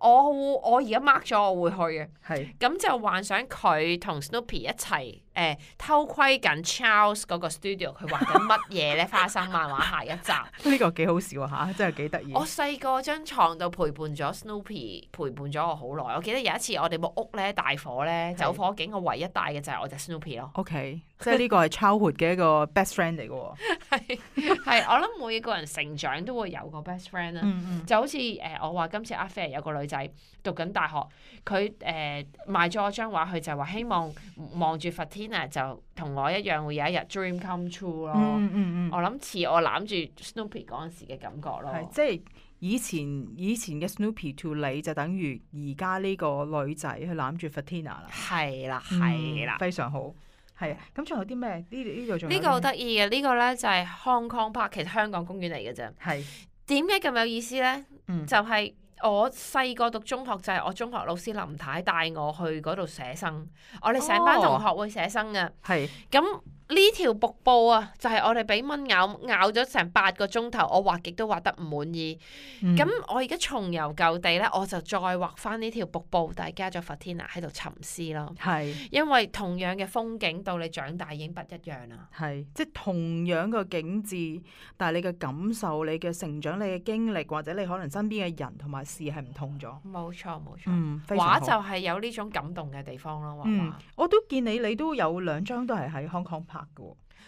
我我而家 mark 咗，我會去嘅。咁是就幻想佢同 Snoopy 一齊誒、呃、偷窺緊 Charles 嗰個 studio，佢畫緊乜嘢咧？ 花生漫畫下一集呢 個幾好笑嚇，真係幾得意。我細個張床度陪伴咗 Snoopy，陪伴咗我好耐。我記得有一次我哋木屋咧大火咧，是走火警我唯一帶嘅就係我隻 Snoopy 咯。OK， 即係呢個係 childhood 嘅一個 best friend 嚟嘅。 係係，我諗每個人成長都會有個 best friend 啦， 就好似誒、呃，我話今次阿飛有個女仔讀緊大學，佢誒賣咗我張畫，佢、呃、就話希望望住 Fatina 就同我一樣會有一日 dream come true 咯。嗯、我諗似我攬住 Snoopy 嗰陣時嘅感覺咯，即係以前以前嘅 Snoopy to 你就等於而家呢個女仔去攬住 Fatina 啦，係啦係 啦,啦，非常好。係啊，咁仲有啲咩？呢呢度仲呢個好得意嘅，呢、呢個咧就係 Hong Kong Park，其實香港公園嚟嘅啫。係點解咁有意思咧？嗯、就係我細個讀中學就係、係、我中學老師林太太帶我去嗰度寫生，我哋成班同學會寫生嘅。係咁、哦。呢條瀑布啊，就係、是、我哋俾蚊咬咬咗成八個鐘頭，我畫極都畫得唔滿意。咁、嗯、我而家重遊舊地咧，我就再畫翻呢條瀑布，但係加咗 Fatina 喺度沉思咯。係是，因為同樣嘅風景到你長大已經不一樣啦。係，即係同樣嘅景緻，但係你嘅感受、你嘅成長、你嘅經歷，或者你可能身邊嘅人同埋事係唔同咗。冇錯冇錯，畫、嗯、就係有呢種感動嘅地方咯。畫畫，嗯，我都見你，你都有兩張都係喺 Hong Kong。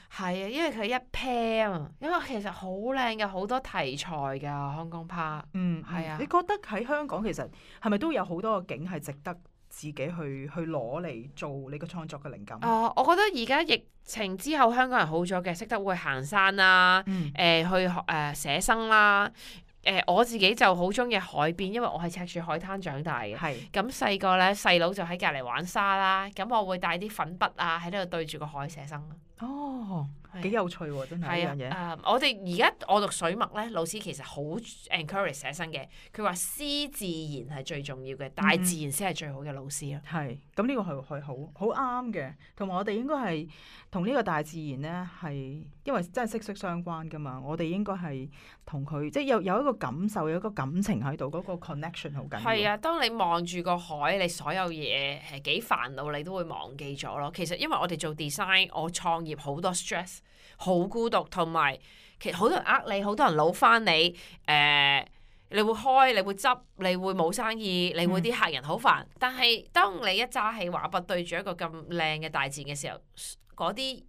拍係啊，因為佢一 pair 啊，因為其實好靚嘅，好多題材噶香港拍，Park, 嗯，係啊的，你覺得喺香港其實係咪都有好多個景係值得自己去去攞嚟做你個創作嘅靈感啊、呃？我覺得而家疫情之後香港人好咗嘅，識得會行山啦、啊，誒、嗯呃，去誒寫、呃、生啦、啊。誒、呃、我自己就好中意海邊，因為我係赤柱海灘長大嘅。咁細個咧，細佬就喺隔籬玩沙啦，咁我會帶啲粉筆啊，喺呢度對住個海寫生。哦。幾有趣喎！哎、呀真係一樣嘢啊！我哋而家我讀水墨咧，老師其實好 encourage 寫生嘅。佢話：詩自然係最重要嘅，嗯、大自然先係最好嘅老師咯。係咁，呢個係係好好啱嘅。同埋我哋應該係同呢個大自然咧，係因為真係息息相關㗎嘛。我哋應該係同佢即係有有一個感受，有一個感情喺度，嗰、嗰個 connection 好緊要。係啊、哎！當你望住個海，你所有嘢係幾煩惱，你都會忘記咗咯。其實因為我哋做 design，我創業好多 stress。好孤獨，同埋其實好多人呃你，好多人老翻你。誒、呃，你會開，你會執，你會冇生意，你會啲、嗯、客人好煩。但係當你一揸起畫筆，對住一個咁靚嘅大自然嘅時候，嗰啲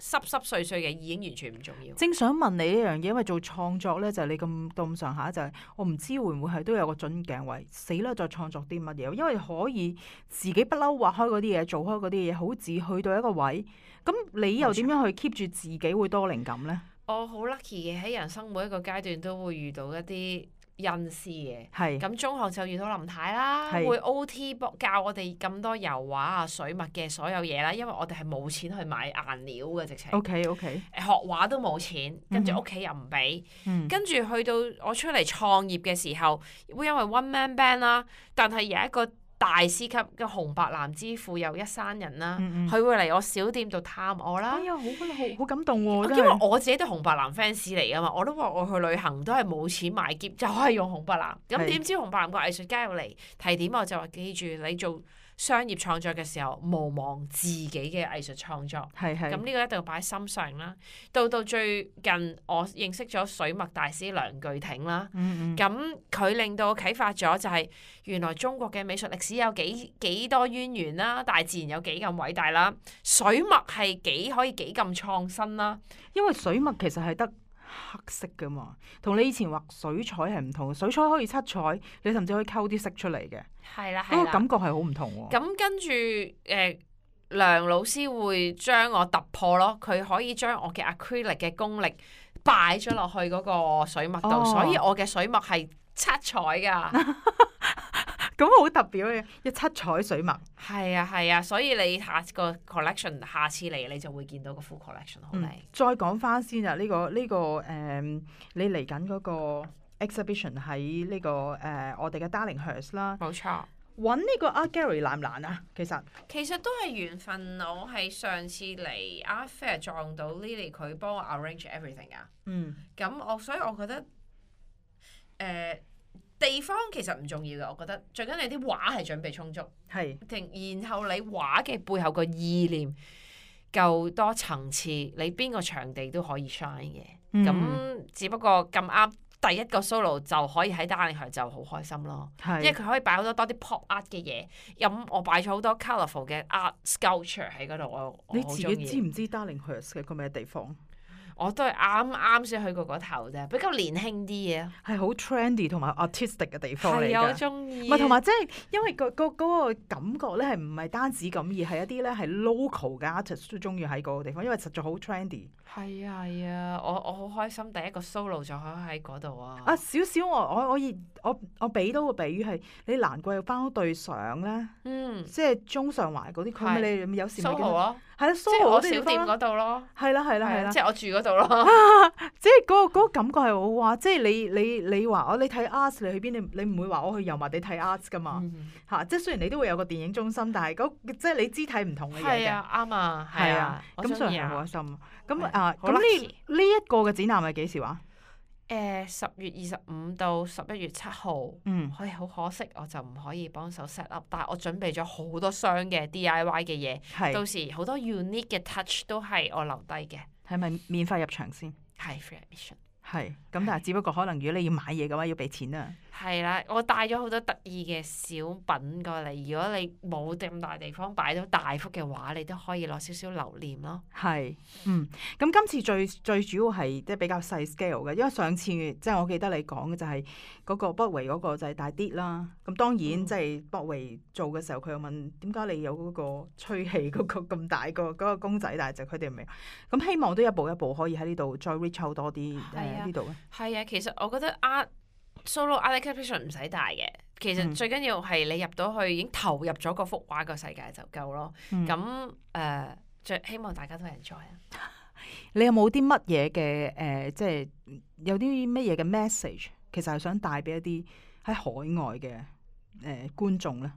濕濕碎碎嘅已經完全唔重要。正想問你呢樣嘢，因為做創作咧就係你咁到咁上下，就係、是就是、我唔知會唔會係都有個樽頸位？死啦，再創作啲乜嘢？因為可以自己不嬲畫開嗰啲嘢，做開嗰啲嘢，好似去到一個位。咁你又點樣去 keep 住自己會多靈感咧？我好 lucky 嘅喺人生每一個階段都會遇到一啲恩師嘅。係是。咁中學就遇到林太啦，是會 O.T. 教我哋咁多油畫啊、水墨嘅所有嘢啦。因為我哋係冇錢去買顏料嘅直情。O.K.O.K. Okay, okay. 學畫都冇錢，跟住屋企又唔俾，跟住、嗯、哼去到我出嚟創業嘅時候，會因為 one man band 啦，但係有一個。大師級嘅紅白藍之父又一山人啦，佢、嗯嗯、會嚟我小店度探我啦。哎呀，好，好，好感動喎、啊！因為我自己都紅白藍 fans 嚟噶嘛，我都話我去旅行都係冇錢買喼，就係、是、用紅白藍。咁點知紅白藍個藝術家又嚟提點，我就話記住你做，商業創作嘅時候，無忘自己嘅藝術創作，係咁呢個一定要擺喺心上啦。到到最近，我認識咗水墨大師梁巨廷啦。嗯咁、嗯、佢令到啟發咗、就係，就係原來中國嘅美術歷史有幾幾多淵源啦、啊，大自然有幾咁偉大啦、啊，水墨係幾可以幾咁創新啦、啊。因為水墨其實係得。黑色噶嘛，同你以前畫水彩係唔同，水彩可以七彩，你甚至可以溝啲色出嚟嘅，係啦，嗰個感覺係好唔同。咁跟住，誒、呃，梁老師會將我突破咯，佢可以將我嘅 acrylic 嘅功力擺咗落去嗰個水墨度，哦、所以我嘅水墨係七彩噶。 咁好特別嘅一七彩水墨，係啊係啊，所以你下次個 collection 下次嚟你就會見到個 full collection 好未、嗯？再講翻先啊，呢、這個呢、這個誒、嗯，你嚟緊嗰個 exhibition 喺呢、這個誒、嗯，我哋嘅 Darling House 啦，冇錯，揾呢個阿 Gary 難唔難啊？其實其實都係緣分，我係上次嚟阿 Fair 撞到 Lily，佢幫我 arrange everything、嗯、啊，嗯，咁我所以我覺得誒。呃地方其實唔重要嘅，我覺得最緊要你啲畫係準備充足，停是。然後你畫嘅背後個意念夠多層次，你邊個場地都可以 shine 嘅。咁、嗯、只不過咁啱第一個 solo 就可以喺 Darlinghurst 就好開心咯，是因為佢可以擺好多多啲 pop art 嘅嘢，咁我擺咗好多 colorful 嘅 art sculpture 喺嗰度。我你自己知唔知 Darlinghurst 個咩地方？我都係啱啱先去過嗰頭啫，比較年輕啲嘅，係好 trendy 同埋 artistic 嘅地方嚟㗎。係，我中意。唔係同埋即係，因為、個嗰嗰、個感覺咧係唔係單止咁，而係一啲咧係 local 嘅 artist 都中意喺嗰個地方，因為實在好 trendy。係啊係啊！我我好開心，第一個 solo 就可喺嗰度啊！啊少少我我可以我我俾多個比喻係你難怪翻屋對上咧，嗯，即係中上環嗰啲佢咪你有時咪蘇豪咯，係咯小店度咯，係啦係啦係啦，即係我住嗰度咯，即係嗰個感覺係好。話，即係你你你話我你睇 art 你去邊，你你唔會話我去油麻地睇 art 噶嘛，嚇！即係雖然你都會有個電影中心，但係嗰即係你知睇唔同嘅嘢嘅，啱啊係啊，咁所以好開心。咁那是啊，咁呢呢一個嘅展覽係幾時話？誒，十月二十五到十一月七號。嗯，可以、哎，好可惜，我就唔可以幫手 set up，但係我準備咗好多箱嘅 DIY 嘅嘢，是到時好多 unique 嘅 touch 都係我留低嘅。係咪免費入場先？係 free admission。係，咁但係只不過可能如果你要買嘢嘅話要，要俾錢啊。係啦，我帶咗好多得意嘅小品過嚟。如果你冇咁大地方擺到大幅嘅話，你都可以攞少少留念咯。係，嗯，咁今次最最主要係即係比較細 scale 嘅，因為上次即係我記得你講嘅就係、是、嗰、那個不為嗰個就係大啲啦。咁當然即係不為做嘅時候，佢、嗯、又問點解你有嗰個吹氣嗰個咁、那個、大個、那個公仔，但係就佢哋唔明。咁希望都一步一步可以喺呢度再 reach out 多啲喺呢度。係啊的的，其實我覺得啊。Solo illustration 唔使帶嘅，其實最緊要係你入到去，已經投入咗個幅畫個世界就夠咯。咁誒、嗯呃，最希望大家都 enjoy 啊！你有冇啲乜嘢嘅誒，即係有啲乜嘢嘅 message？其實係想帶俾一啲喺海外嘅誒、呃、觀眾咧。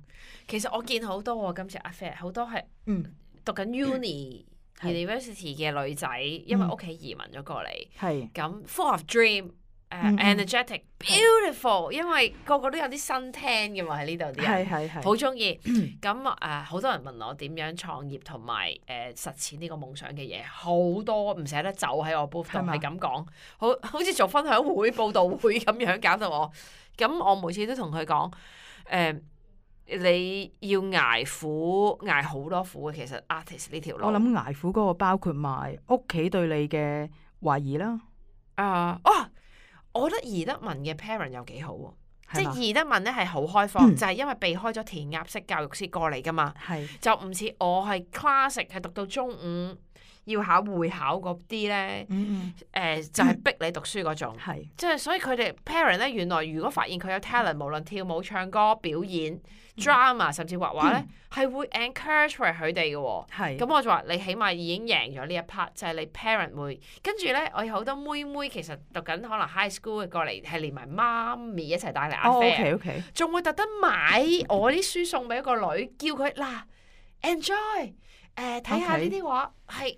其實我見好多，今次阿 fair 好多係，嗯，讀緊 Uni University 嘅女仔，嗯、因為屋企移民咗過嚟，係咁 full of dream。uh, energetic, beautiful 是因為個個都有啲新聽嘅嘛喺呢度啲人，好中意。咁誒是，好、 uh, 多人問我點樣創業同埋誒實踐呢個夢想嘅嘢嗎，好多唔捨得走喺我 b u f 係咁講，好好似做分享會、報道會咁樣搞到我。咁 我每次都同佢講，誒、uh,，你要挨苦，挨好多苦嘅。其實 artist 呢條路，我諗挨苦嗰個包括埋屋企對你嘅懷疑啦。啊，哦。我覺得宜德文嘅 parent 又幾好喎，啊，嗎即係宜德文咧係好開放，嗯、就係因為避開咗填鴨式教育先過嚟噶嘛，係是就唔似我係 classic 係讀到中五。要考會考嗰啲咧，誒就係逼你讀書嗰種，即係所以佢哋 parent 咧，原來如果發現佢有 talent，無論跳舞、唱歌、表演、drama，甚至畫畫咧，係會 encourage 佢哋嘅。係，咁我就話你起碼已經贏咗呢一 part，就係你 parent 會跟住咧，我有好多妹妹其實讀緊可能 high school 嘅，過嚟，係連埋媽咪一齊帶嚟。哦，OK OK，仲會特登買我啲書送俾個女，叫佢嗱 enjoy 誒睇下呢啲畫係。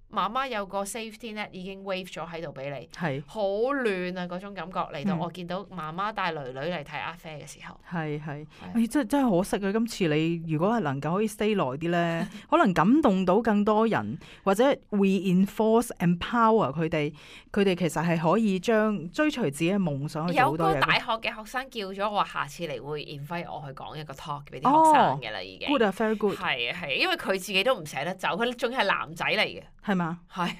媽媽有個 safety net 已經 wave 咗喺度俾你，係好亂啊嗰種感覺嚟到。我見到媽媽帶女女嚟睇阿 Fair 嘅時候，係係的、哎，真真係可惜啊！今次你如果係能夠可以 stay 耐啲咧， 可能感動到更多人，或者 reinforce and power 佢哋，佢哋其實係可以將追隨自己嘅夢想去做好多嘢。有個大學嘅學生叫咗我，下次嚟會 invite 我去講一個 talk 俾啲學生嘅啦，哦、已經 good 啊，very good。係啊係，因為佢自己都唔捨得走，佢仲要係男仔嚟嘅，係.係，是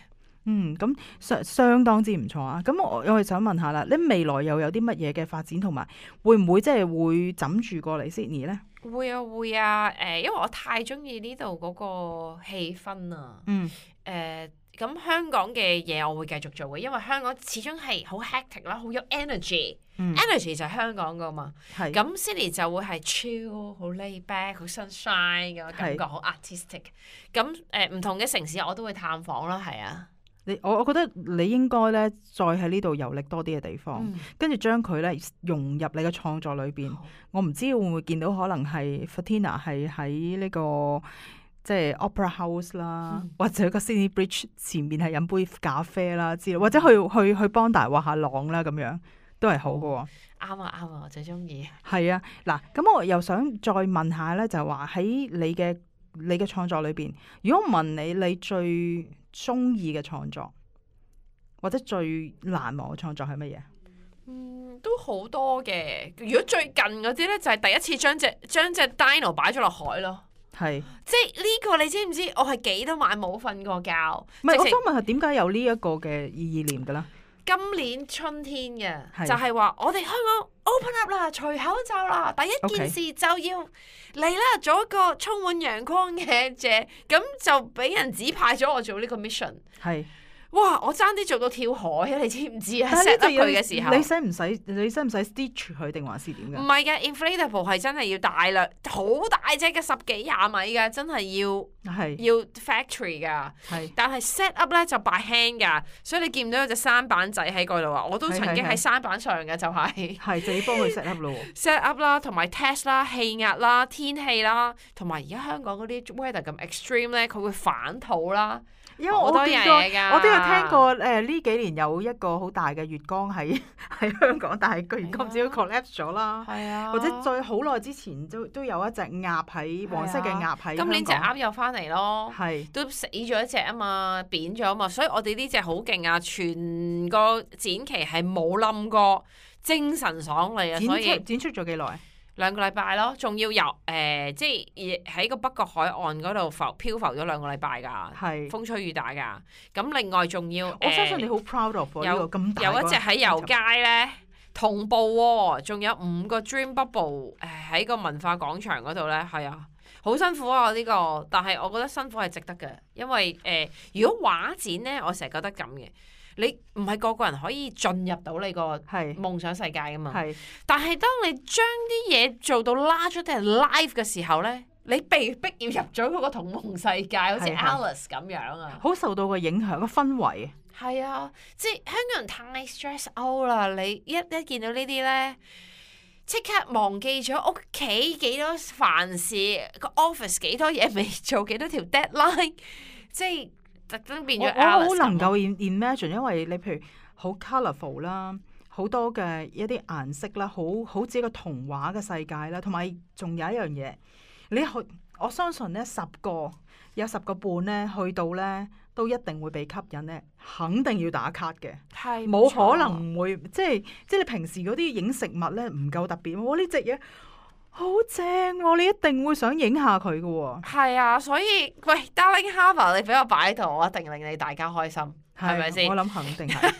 嗯，咁相相當之唔錯啊！咁我我哋想問下啦，你未來又有啲乜嘢嘅發展，同埋會唔會即係會枕住過嚟 Sydney 咧？會啊會啊，誒、呃，因為我太中意呢度嗰個氣氛啊，嗯，誒、呃，咁香港嘅嘢我會繼續做嘅，因為香港始終係好 hectic 啦，好有 energy。嗯、Energy 就係香港噶嘛，咁 Sydney 就會係超好 laid back，好 sunshine 嘅感覺，好 artistic。咁誒，唔、呃、同嘅城市我都會探訪啦，係啊。你我我覺得你應該咧，再喺呢度遊歷多啲嘅地方，跟住、嗯、將佢咧融入你嘅創作裏邊。我唔知會唔會見到可能係 Fatina 係喺呢、這個即係 Opera House 啦，嗯、或者個 Sydney Bridge 前面係飲杯咖啡啦之類，或者去去去，去幫大畫下浪啦咁樣。都係好嘅，啱啊，啱啊，我最中意。係 啊，嗱，咁我又想再問下咧，就係話喺你嘅你嘅創作裏邊，如果問你你最中意嘅創作或者最難忘嘅創作係乜嘢？嗯，都好多嘅。如果最近嗰啲咧，就係第一次將隻將隻 Dino 擺咗落海咯。係，即係呢個你知唔知？我係幾多晚冇瞓過覺。唔係，我想問下點解有呢一個嘅意念嘅咧？今年春天嘅，是就係話我哋香港 open up 啦，除口罩啦，第一件事就要嚟啦，Okay. 做一個充滿陽光嘅嘢，姐咁就俾人指派咗我做呢個 mission。係。哇！我爭啲做到跳海啊！你知唔知啊？set up 佢嘅時候，你使唔使你使唔使 stitch 佢定還是點嘅？唔係㗎，inflatable 係真係要大量好大隻嘅十幾廿米㗎，真係要是要 factory 㗎，是但係 set up 咧就 by hand 㗎。所以你見到有隻山板仔喺嗰度啊！我都曾經喺山板上㗎，就係、是、係就要幫佢 set up 咯 ，set up 啦，同埋 test 啦，氣壓啦，天氣啦，同埋而家香港嗰啲 weather 咁 extreme 咧，佢會反肚啦。因為我見過，我都有聽過誒呢、啊呃、幾年有一個好大嘅月光喺喺 香港，但係居然家只要 collapse 咗啦。係啊，或者再好耐之前都都有一隻鴨喺、啊、黃色嘅鴨喺。今年隻鴨又翻嚟咯，係是都死咗一隻啊嘛，扁咗啊嘛，所以我哋呢隻好勁啊！全個展期係冇冧過，精神爽利啊！展所以展出咗幾耐？兩個禮拜咯，仲要遊誒、呃，即係喺個北角海岸嗰度浮漂浮咗兩個禮拜㗎，係風吹雨打㗎。咁另外仲要，呃、我相信你好 proud of 呢個咁大一有一隻喺遊街咧同步喎、哦，仲有五個 dream bubble 誒、呃、喺個文化廣場嗰度咧，係啊，好辛苦啊呢、這個，但係我覺得辛苦係值得嘅，因為誒、呃，如果畫展咧，我成日覺得咁嘅。你唔係個個人可以進入到你個夢想世界噶嘛？但係當你將啲嘢做到拉出啲人 live 嘅時候咧，你被逼要入咗佢個童夢世界，好似 Alice 咁樣啊！好受到個影響，個氛圍係啊！即係香港人太 stress out 啦！你一一見到呢啲咧，即刻忘記咗屋企幾多凡事個 office 幾多嘢未做，幾多條 deadline，即係。我好能夠 imagine，因為你譬如好 colourful 啦，好多嘅一啲顏色啦，好好似一個童話嘅世界啦，同埋仲有一樣嘢，你去我相信咧十個有十個半咧去到咧都一定會被吸引咧，肯定要打卡嘅，冇可能唔會，即係即係你平時嗰啲影食物咧唔夠特別，我呢隻嘢。好正喎、哦！你一定會想影下佢㗎喎。係啊，所以喂，Darling Harbour，你俾我擺喺度，我一定令你大家開心，係咪先？吧我諗肯定係。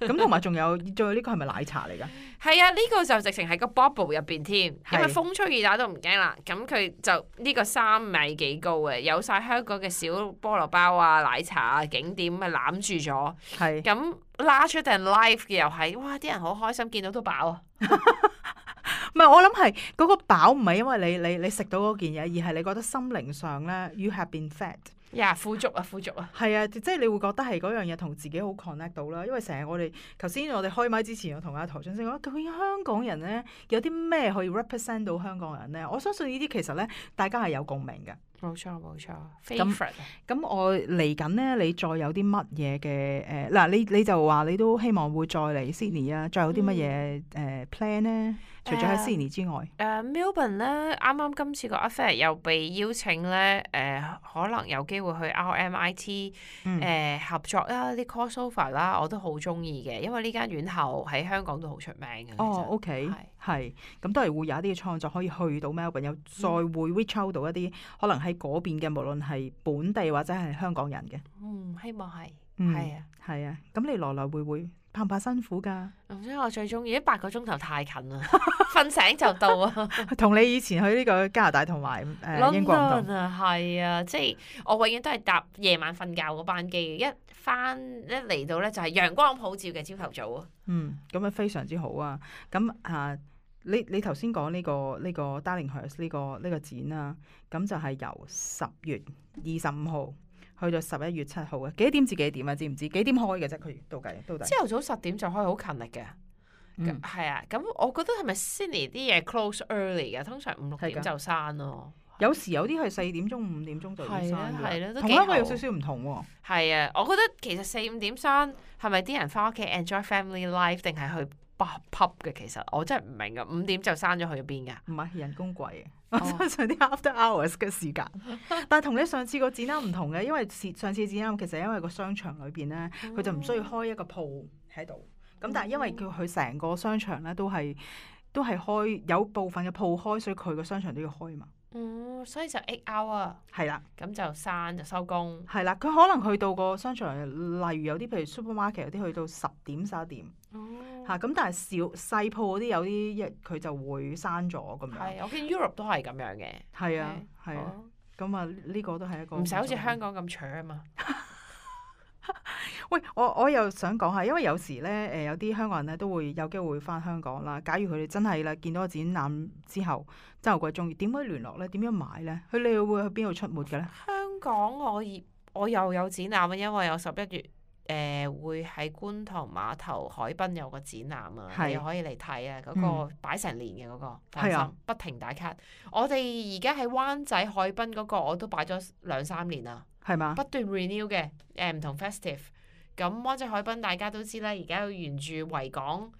咁同埋仲有，仲有呢個係咪奶茶嚟噶？係啊，呢、這個就直情喺個 bubble 入邊添，因為風吹雨打都唔驚啦。咁佢是就呢、這個三米幾高嘅，有晒香港嘅小菠蘿包啊、奶茶啊景點咪攬住咗。係。咁 larger than life 嘅又係，哇！啲人好開心，見到都飽、啊。 唔係，我諗係嗰個飽唔係因為你你你食到嗰件嘢，而係你覺得心靈上咧，you have been fed 呀，富足啊，富足啊，係啊，即係你會覺得係嗰樣嘢同自己好 connect 到啦。因為成日我哋頭先我哋開麥之前，我同阿陶俊先講，究竟香港人咧有啲咩可以 represent 到香港人咧？我相信呢啲其實咧，大家係有共鳴嘅。冇錯冇錯，咁咁我嚟緊咧，你再有啲乜嘢嘅誒嗱？你你就話你都希望會再嚟 Sydney 啊？再有啲乜嘢誒 plan 咧？嗯、除咗喺 Sydney 之外，誒 Melbourne 咧，啱、嗯、啱今次個 affair 又被邀請咧，誒、呃、可能有機會去 RMIT 誒、呃、合作啦、啊，啲 course offer 啦，我都好中意嘅，因為呢間院校喺香港都好出名嘅。哦，OK，係，咁都係會有一啲嘅創作可以去到 Melbourne，又再會 reach out 到一啲可能係。喺嗰邊嘅無論係本地或者係香港人嘅，嗯，希望係，係、嗯、係啊，係啊，咁你來來回回怕唔怕辛苦噶？唔知我最中意，八個鐘頭太近啦，瞓 醒就到啊！同 你以前去呢個加拿大同埋誒英國啊，係啊，即係我永遠都係搭夜晚瞓覺嗰班機，一翻一嚟到咧就係陽光普照嘅朝頭早啊！嗯，咁啊非常之好啊，咁啊。你你頭先講呢個呢、這個 Darling House 呢、這個呢、這個展啦，咁就係由十月二十五號去到十一月七號嘅，幾點至幾點啊？知唔知？幾點開嘅啫？佢到計到計。朝頭早十點就開，好勤力嘅。係、嗯、啊，咁我覺得係咪 Sydney 啲嘢 close early 嘅？通常五六點就閂咯。有時有啲係四點鐘、五點鐘就閂啦。係咧、嗯，同香港有少少唔同喎。係啊，我覺得其實四五點閂，係咪啲人翻屋企 enjoy family life 定係去？Pub 嘅，其實我真係唔明嘅。五點就閂咗去邊㗎？唔係人工貴，oh. 我相信啲 after hours 嘅時間。 但係同你上次個展覽唔同嘅，因為上次展覽其實因為個商場裏邊咧，佢、oh. 就唔需要開一個鋪喺度。咁、oh. 但係因為佢佢成個商場咧都係、oh. 都係開有部分嘅鋪開，所以佢個商場都要開啊嘛。所以就 eight hour 啊，係啦的，咁就閂就收工。係啦，佢可能去到個商場，例如有啲譬如 supermarket 有啲去到十點十一點，嚇咁、哦啊、但係小細鋪嗰啲有啲，佢就會閂咗咁樣。係的啊，我見 Europe 都係咁樣嘅。係啊，係啊，咁啊呢個都係一個唔使好似香港咁搶啊嘛。 喂，我我又想講下，因為有時咧，誒、呃、有啲香港人咧都會有機會翻香港啦。假如佢哋真係啦見到展覽之後，真係好鬼中意，點樣聯絡咧？點樣買咧？佢哋會去邊度出沒嘅咧？香港我我又有展覽，因為我十一月誒、呃、會喺觀塘碼頭海濱有個展覽啊，是你可以嚟睇啊。嗰、那個擺成年嘅嗰、那個啊、嗯，不停打卡。啊、我哋而家喺灣仔海濱嗰、那個我都擺咗兩三年啦，係嘛嗎不斷 renew 嘅誒，唔、嗯、同 festive 咁灣仔海濱大家都知啦，而家要沿住維港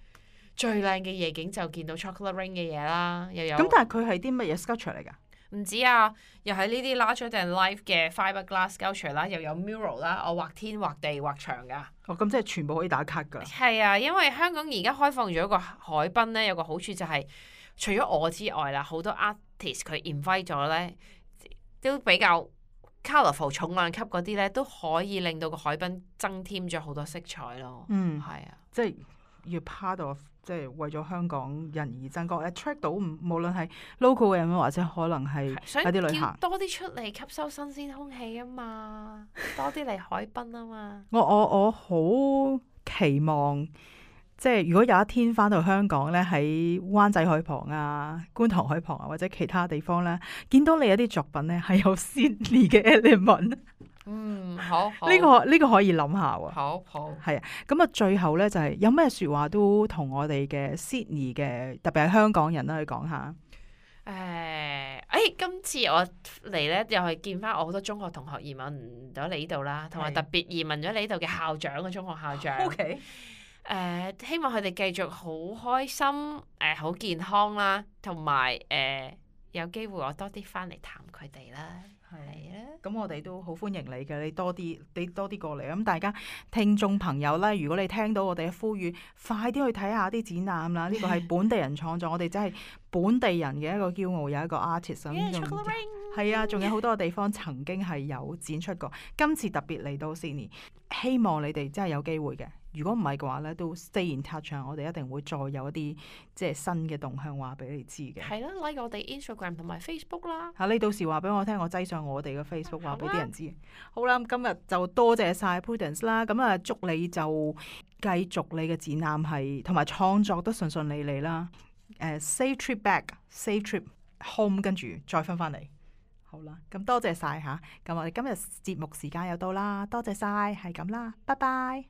最靚嘅夜景就見到 Chocolate Rain 嘅嘢啦，又有。咁但係佢係啲乜嘢 sculpture 嚟㗎？唔知啊，又係呢啲 larger than life 嘅 fiberglass sculpture 啦，又有 mural 啦，我畫天畫地畫牆㗎。哦，咁、嗯、即係全部可以打卡㗎。係啊，因為香港而家開放咗個海濱咧，有個好處就係、是，除咗我之外啦，好多 artist 佢 invite 咗咧，都比較。colorful 重量級嗰啲咧，都可以令到個海濱增添咗好多色彩咯。嗯，係啊，即係要 part of，即係為咗香港人而爭光，attract 到無論係 local 嘅人或者可能係嗰啲旅行，多啲出嚟吸收新鮮空氣啊嘛，多啲嚟海濱啊嘛。 我我我好期望。即係如果有一天翻到香港咧，喺灣仔海旁啊、觀塘海旁啊，或者其他地方咧，見到你一啲作品咧係有 Sydney 嘅 element，嗯好，呢個呢個可以諗、這個、下喎，好好，係啊，咁啊最後咧就係、是、有咩説話都同我哋嘅 Sydney 嘅特別係香港人啦去講下。誒，誒，今次我嚟咧又係見翻我好多中學同學，移民咗你呢度啦，同埋的特別移民咗你呢度嘅校長嘅中學校長，O K。Okay. 誒、呃，希望佢哋繼續好開心，誒、呃，好健康啦，同埋誒，有機會我多啲翻嚟探佢哋啦，係啊。咁我哋都好歡迎你嘅，你多啲，你多啲過嚟！咁大家聽眾朋友啦，如果你聽到我哋嘅呼籲，快啲去睇下啲展覽啦！呢個係本地人創作，我哋真係本地人嘅一個驕傲，有一個 artist 係啊，仲有好多地方曾經係有展出過，Yeah. 今次特別嚟到 Sydney，希望你哋真係有機會嘅。如果唔係嘅話咧，都 stay in touch 啊！我哋一定會再有一啲即係新嘅動向話俾你知嘅。係咯，like 我哋 Instagram 同埋 Facebook 啦。吓，你到時話俾我聽，我擠上我哋嘅 Facebook 話俾啲、嗯、人知。嗯嗯嗯、好啦，咁、嗯、今日就多謝晒 Prudence 啦。咁、嗯、啊，祝你就繼續你嘅展覽係同埋創作都順順利利啦。誒、uh，safe trip back，safe trip home，跟住再翻翻嚟。好啦，咁多謝晒吓。咁我哋今日節目時間又到啦，多謝晒，係、啊、咁啦，拜拜。